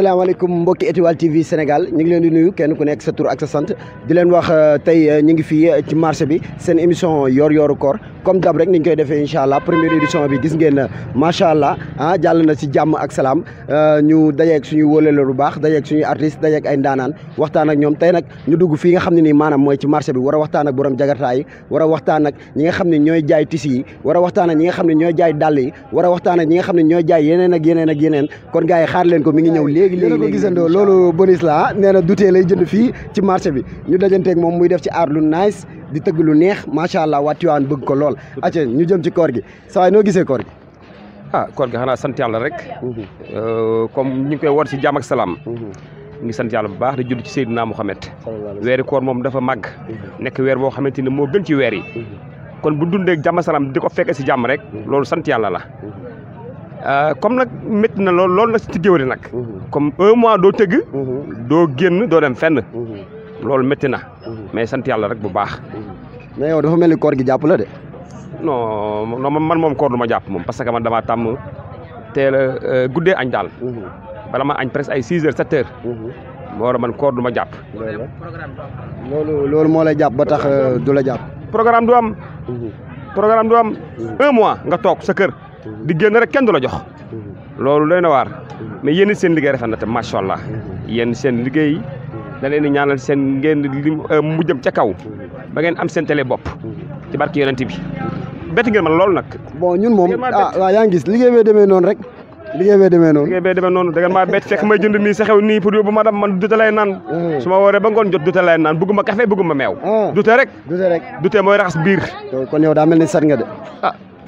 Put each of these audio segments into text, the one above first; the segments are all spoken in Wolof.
asalaamaaleykum mbokki étoile TV Sénégal ñu ngi leen di nuyu kenn ku nekk sa tour ak sa sant di leen wax euh, tey euh, ñu ngi fii euh, ci marché bi seen émission yor yoru koor comme dab rek niñ koy defee incha allah première édition bi gis ngeen macha allah ah jàll na si jàmm ak salaam euh, ñu dajeeg suñu wóolale lu baax dajeeg suñuy artiste dajeeg ay ndaanaan waxtaan ak ñoom tey nag ñu dugg fii nga xam ne nii maanaam mooy ci marché bi war a waxtaan ak borom war a waxtaan ñi nga xam ne ñooy jaay tisi yi war a waxtaan ñi nga xam ne ñooy jaay dàll yi war a waxtaan ak ñi nga xam ne ñooy jaay yeneen ak yeneen ak yeneen kon gars yi leen ko mi ngi ñëw léegi léegi ko gisandoo loolu bonis la nee na dutee lay jënd fii ci marché bi ñu dajanteeg moom muy def ci aar lu nice di teug lu neex macha allah waa Tiwaawan bëgg ko lool. acca ñu jëm ci koor gi saa waay gisee koor gi. ah koor gi xana sant yalla rek. Mhm. Euh, comme ñu koy wor ci jàmm ak salaam. Mhm. ngi sant yalla bu baax di judd ci sayyidina muhammad wéri koor mom dafa mag mhm. nek wér bo xamanteni mo gën ci wér yi. kon bu dundé ak jàmm salaam di ko fekkee ci jàmm rek. loolu sant yalla la. Euh, comme nak met na lol lol la ci géwél nak comme un mois do teug do genn do dem fenn. lol metina mais sant yalla rek bu baax. mais yow dafa melni koor gi japp la de. non non man mom koor duma japp mom parce que man dama tam teel a euh, guddee añ daal. Mhm. bala ma agn presse ay 6 h 7 h moo war a man koor duma japp lolu lolu mo moo lay jàpp ba tax euh, du la jàpp. programme du am. Mhm. programme du am mhm. un mois nga tok sa keur di genn rek ken du la jox. lolu leena war mais yéen sen liguey rafa na te machallah allah sen liguey da leen di ñaanal seen ngeen lim euh, mu jëm ca kaw ba ngeen am seen télé bopp ci barke yonent bi bett ngeen man loolu nag. bon ñun moom a ah, waaw yaa ngi gis liggéey bee demee noonu rek. liggéey bee demee noonu liggéey bee da ngeen maa bett fekk may jënd nii sa nii pour yóbbu ma dam man dute naan eh. su wooree ba ngoon jot dute lay naan bëgguma café bëgguma meew ah. dute rek dute rek dute mooy raxas biir kon yow daa mel ni sat nga de ah.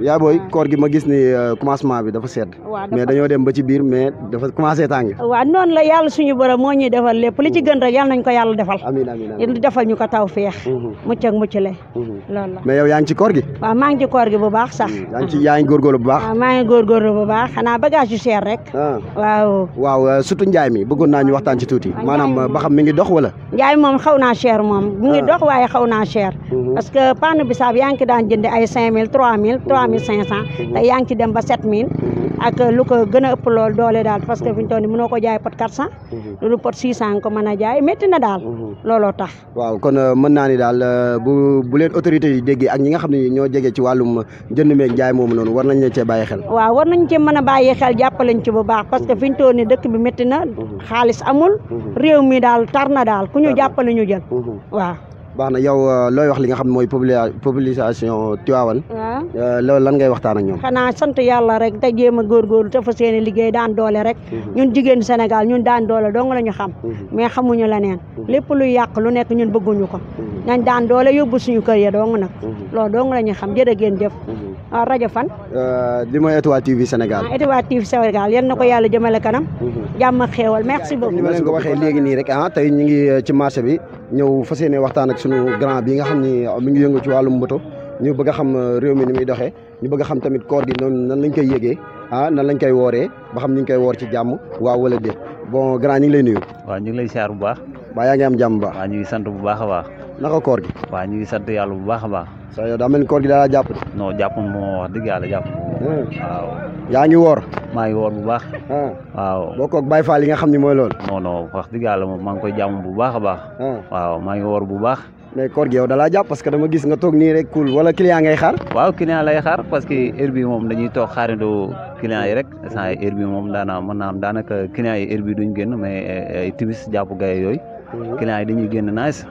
ya boy ah. koor gi ma gis ni euh, commencement bi dafa sedd mais dañu dem ba ci bir mais dafa commencé tàng wa non la yalla suñu borom mo ñi defal lepp li ci gën rek yalla nañ ko yalla defal amin amin amiin defal ñu ko taw feex mhm. mucc ak mucc le mhm. lool la mais yow yaang ci koor gi wa maa ngi ci koor gi bu baax sax mhm. yaang ci yaa ngi góorgóorlu bu baax waaw maa ngi góorgóorlu bu baax xana bagage yu cher rek ah. waaw waaw euh, sutu njaay mi bëggoon naa ñu waxtaan ci tuuti manam euh, ba xam mi ngi dox wala njaay mom xawna cher mom mi ngi ah. dox waye xawna cher parce que panne bi sa bi yaang ki daan jënd ay 5000 3000 mille trois mille cinq cent mhm. te yaa ngi ci dem ba sept mille mhm. ak lu ko gën a ëpp lool doole daal parce que fi ñu toll nii mënoo ko jaay pot quatre cent mhm. lu pot six cent ko mën a jaay métti na daal looloo tax waaw kon euh, mën naa ni daal euh, bu bu leen autorités yi déggee ak ñi nga xam ne ñoo jege ci wàllum jënd meeg jaay moomu noonu war nañ leen cee bàyyi xel waaw war nañ cee mën a bàyyi xel jàppalañ ci bu baax parce que fi ñu toll nii dëkk bi métti na xaalis amul réew mi daal tar na daal ku ñu jàppale ñu jël waaw baax na yow euh, looy wax li nga xam ne mooy publication Tivaouane Ya, loolu lan ngay waxtaan ak ñoom xanaa sant yàlla rek te jéem a góorgóorlu te fas yéene liggéey daan doole rek mhm. ñun jigéen Sénégal ñun daan doole dong la ñu xam mhm. mais xamuñu la neen mhm. lépp luy yàq lu nekk ñun bëgguñu ko nañ daan doole yóbbu suñu kër ya dong nag loolu dong la ñu xam jërë ngeen jëf waaw ah, rajo fan euh, li mooy Étoile TV Sénégal ah, Étoile TV Sénégal yan na ko yàlla jëmale kanam jàmm ak xéewal merci beaucoup ni ma leen ko waxee léegi nii rek ah tey ñu ngi euh, ci marché bi ñëw fas yéene waxtaan ak suñu grand bi nga xam ni euh, mi ngi yëngu ci wàllum moto ñu bëgg a xam euh, réew mi ni muy doxee ñu bëgg xam tamit koor gi noonu nan lañ koy yëgee ah nan lañ koy wooree ba xam ñu ngi koy ci jàmm waaw wala déet bon grand ñu ngi ñu ngi lay siyaar bu baax. waa yaa ngi am jàmm bu baax. waaw ñu ngi sant bu baax a baax. naka koor gi. waaw ñu ngi sant yàlla bu baax a baax. sa yow daa mel ni koor gi daal jàpp. non yàlla jàpp. Hmm. waaw. ngi woor. maa ngi woor bu baax. Hmm. waaw boo koog Baye Fall yi nga xam ne mooy loolu. non non wax yàlla moom maa ngi koy jàmm bu baax a baax. Hmm. maa ngi woor bu baax mais koor gi yow dalaa jàpp parce que dama gis nga toog nii rek cool wala client ngay xaar. waaw client lay xaar parce que heure bi moom dañuy toog xaarandoo client yi rek saa heure bi moom daanaa mën naa am daanaka client yi heure bi duñ génn mais eh, ay timis jàpp gaye yooyu. Mhm. client yi dañuy génn nice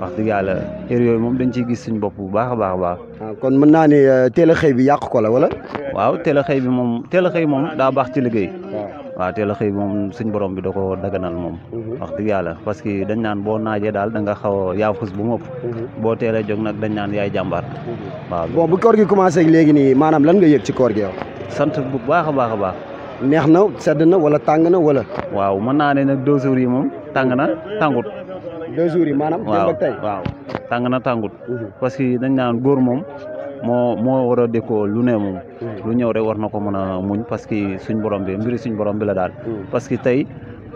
wax dëgg yàlla heure yooyu moom dañu ciy gis suñ bopp bu baax a baax a baax. Ah, kon mën naa ne eh, teel a xëy yàq ko la wala. waaw teel a xëy bi moom teel a xëy moom daa baax ci liggéey. waaw teel a xëy moom suñ borom bi da ko daganal moom mhm. wax dëgg yàlla parce que dañ naan boo naajee daal da nga xaw a yaafus bu mu ëpp mhm. boo teelee jóg nag dañ naan yaay jàmbaar mhm. waaw bon bu koor gi commencé léegi nii maanaam lan nga yëg ci koor gi yow sant bu baax a baax a baax neex na sedd na wala tàng na wala waaw mën naa ne nag deux jours yi moom tàng na tàngut deux jours yi maanaam waaw tàng na tàngut parce que dañ naan góor moom moo moo war a déggoo lu ne moom lu ñëw rek war na ko mën a muñ parce que suñ borom bi mbiri suñ borom bi la daal mm. parce que tey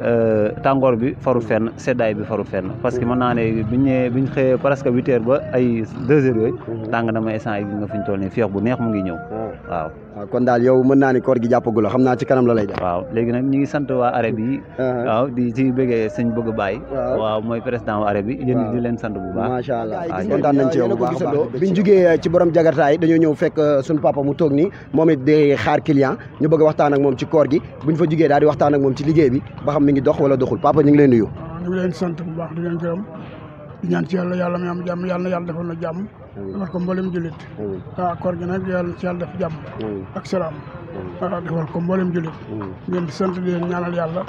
Euh, tàngoor bi faru fenn seddaay bi faru fen parce que mën naa ne biñ ñëwee biñ xëyee presque huit heures ba ay deux heures yooyu tàng na ma instant yi nga fi ñu toll nii féex bu neex mu ngi ñëw waaw waaw ah, kon daal yow mën naa koor gi jàppagula xam naa ci kanam la lay def waaw léegi nag ñu ngi sant waa arab yi ah. waaw di waaw mooy président waa arab yi yéen di leen sant bu baax macha allah ah, kontaan nañ ci biñ jugee ci borom jagartaay dañoo ñëw fekk euh, suñu papa mu toog nii moom it di xaar client ñu bëgg waxtaan ak moom ci koor gi buñ fa jugee daal di waxtaan ak moom ci liggéey mi ngi dox wala doxul papa ñing lay nuyu ah, ñu ngi leen sant bu baax di leen gërëm di ñaan ci yalla yalla mi am jàmm yalla yalla defal na jàmm war ko mboolem julit wa ah, koor gi nak yalla ci yalla def jàmm ak salaam ah defal ko mboolem julit ngeen di sant di leen ñaanal yalla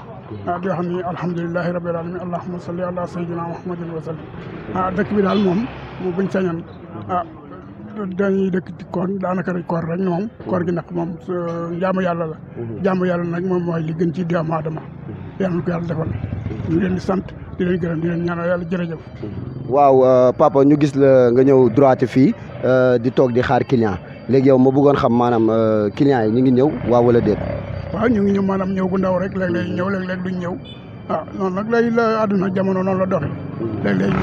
ah di wax ni alhamdulilahi rabbil alamin allahumma salli ala sayyidina muhammadin wa sallim ah dekk bi dal mom mu buñ sañan ah dañuy dekk ci koor daanaka rek koor rek mom koor gi nak mom jaamu yalla la jaamu yalla nak mom moy li gën ci doom aadama yàlla na ko yàlla defal ñu leen di sant di leen gërëm di leen ñaanal yàlla jërëjëf. waaw euh, papa ñu gis la nga ñëw droite fii euh, di toog di xaar client léegi yow ma bëggoon xam maanaam euh, client yi ñu ngi ñëw waaw wala déet. waaw ñu ngi ñëw maanaam ñëw bu ndaw rek léeg-léeg ñëw léeg-léeg duñ ñëw waaw ah, nag lay jamono noonu la doxee hmm. hmm.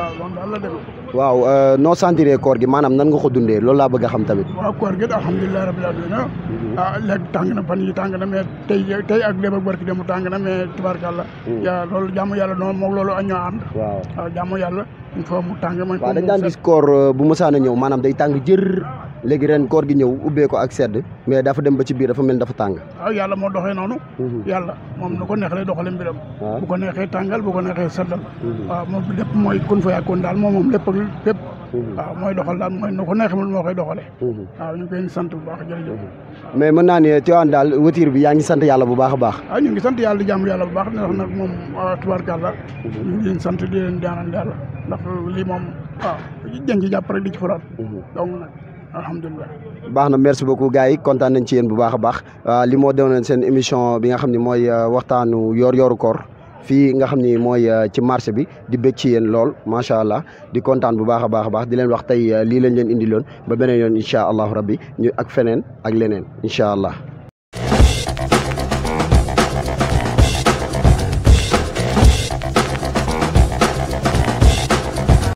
ah, loolu daal la demee. waaw euh, noo sentiree koor gi maanaam nan nga ko dundee loolu laa bëgg a xam tamit. waaw koor gi alhamdulilah rabbil alamin mhm. ah léegi tàng na fan yi tàng na mais tey tey ak léegi barki demu tàng na mais tubaarkàlla. Mhm. yaa loolu jàmm yàlla noonu moom loolu ñoo ànd. waaw waaw ah, jàmm yàlla il faut mu tàng man. waaw dañ daan gis koor euh, bu mosaan a ñëw maanaam day tàng jër. léegi ren koor gi ñëw ubbee ko ak sedd mais dafa dem ba ci biir dafa mel dafa tàng waaw ah, yàlla moo doxee noonu mhm. yàlla moom nu ko neex lay doxale mbiram bu ko neexee tàngal bu ko neexee seddal waaw ah, moom lépp mooy kun fa yàkkoon daal moom moom lépp ak fii mhm. mooy doxal daal mooy nu ko neexee moom moo koy doxalee. Mhm. sant mhm. mais mën naa ne Tivaouane daal watiir bi yaa ngi sant yàlla bu baax a baax. ah ñu ngi sant yàlla jàmm yàlla bu baax ndax nag moom tubaarkàlla. ñu sant di leen daanal lii moom waaw dañ ci jàpp rek baax na merce beaucoup gars yi kontaan nañ ci yéen bu baax a baax ah, li moo doonoon seen émission bi nga xam ni mooy euh, waxtaanu yor-yoru koor fii nga xam ni mooy euh, ci marché bi di bëgg ci yéen lool macha allah di kontaan bu baax a baax a baax di leen wax tey euh, lii lañ leen indiloon ba beneen yoon incha allahu rabbi ñu ak feneen ak leneen incha allah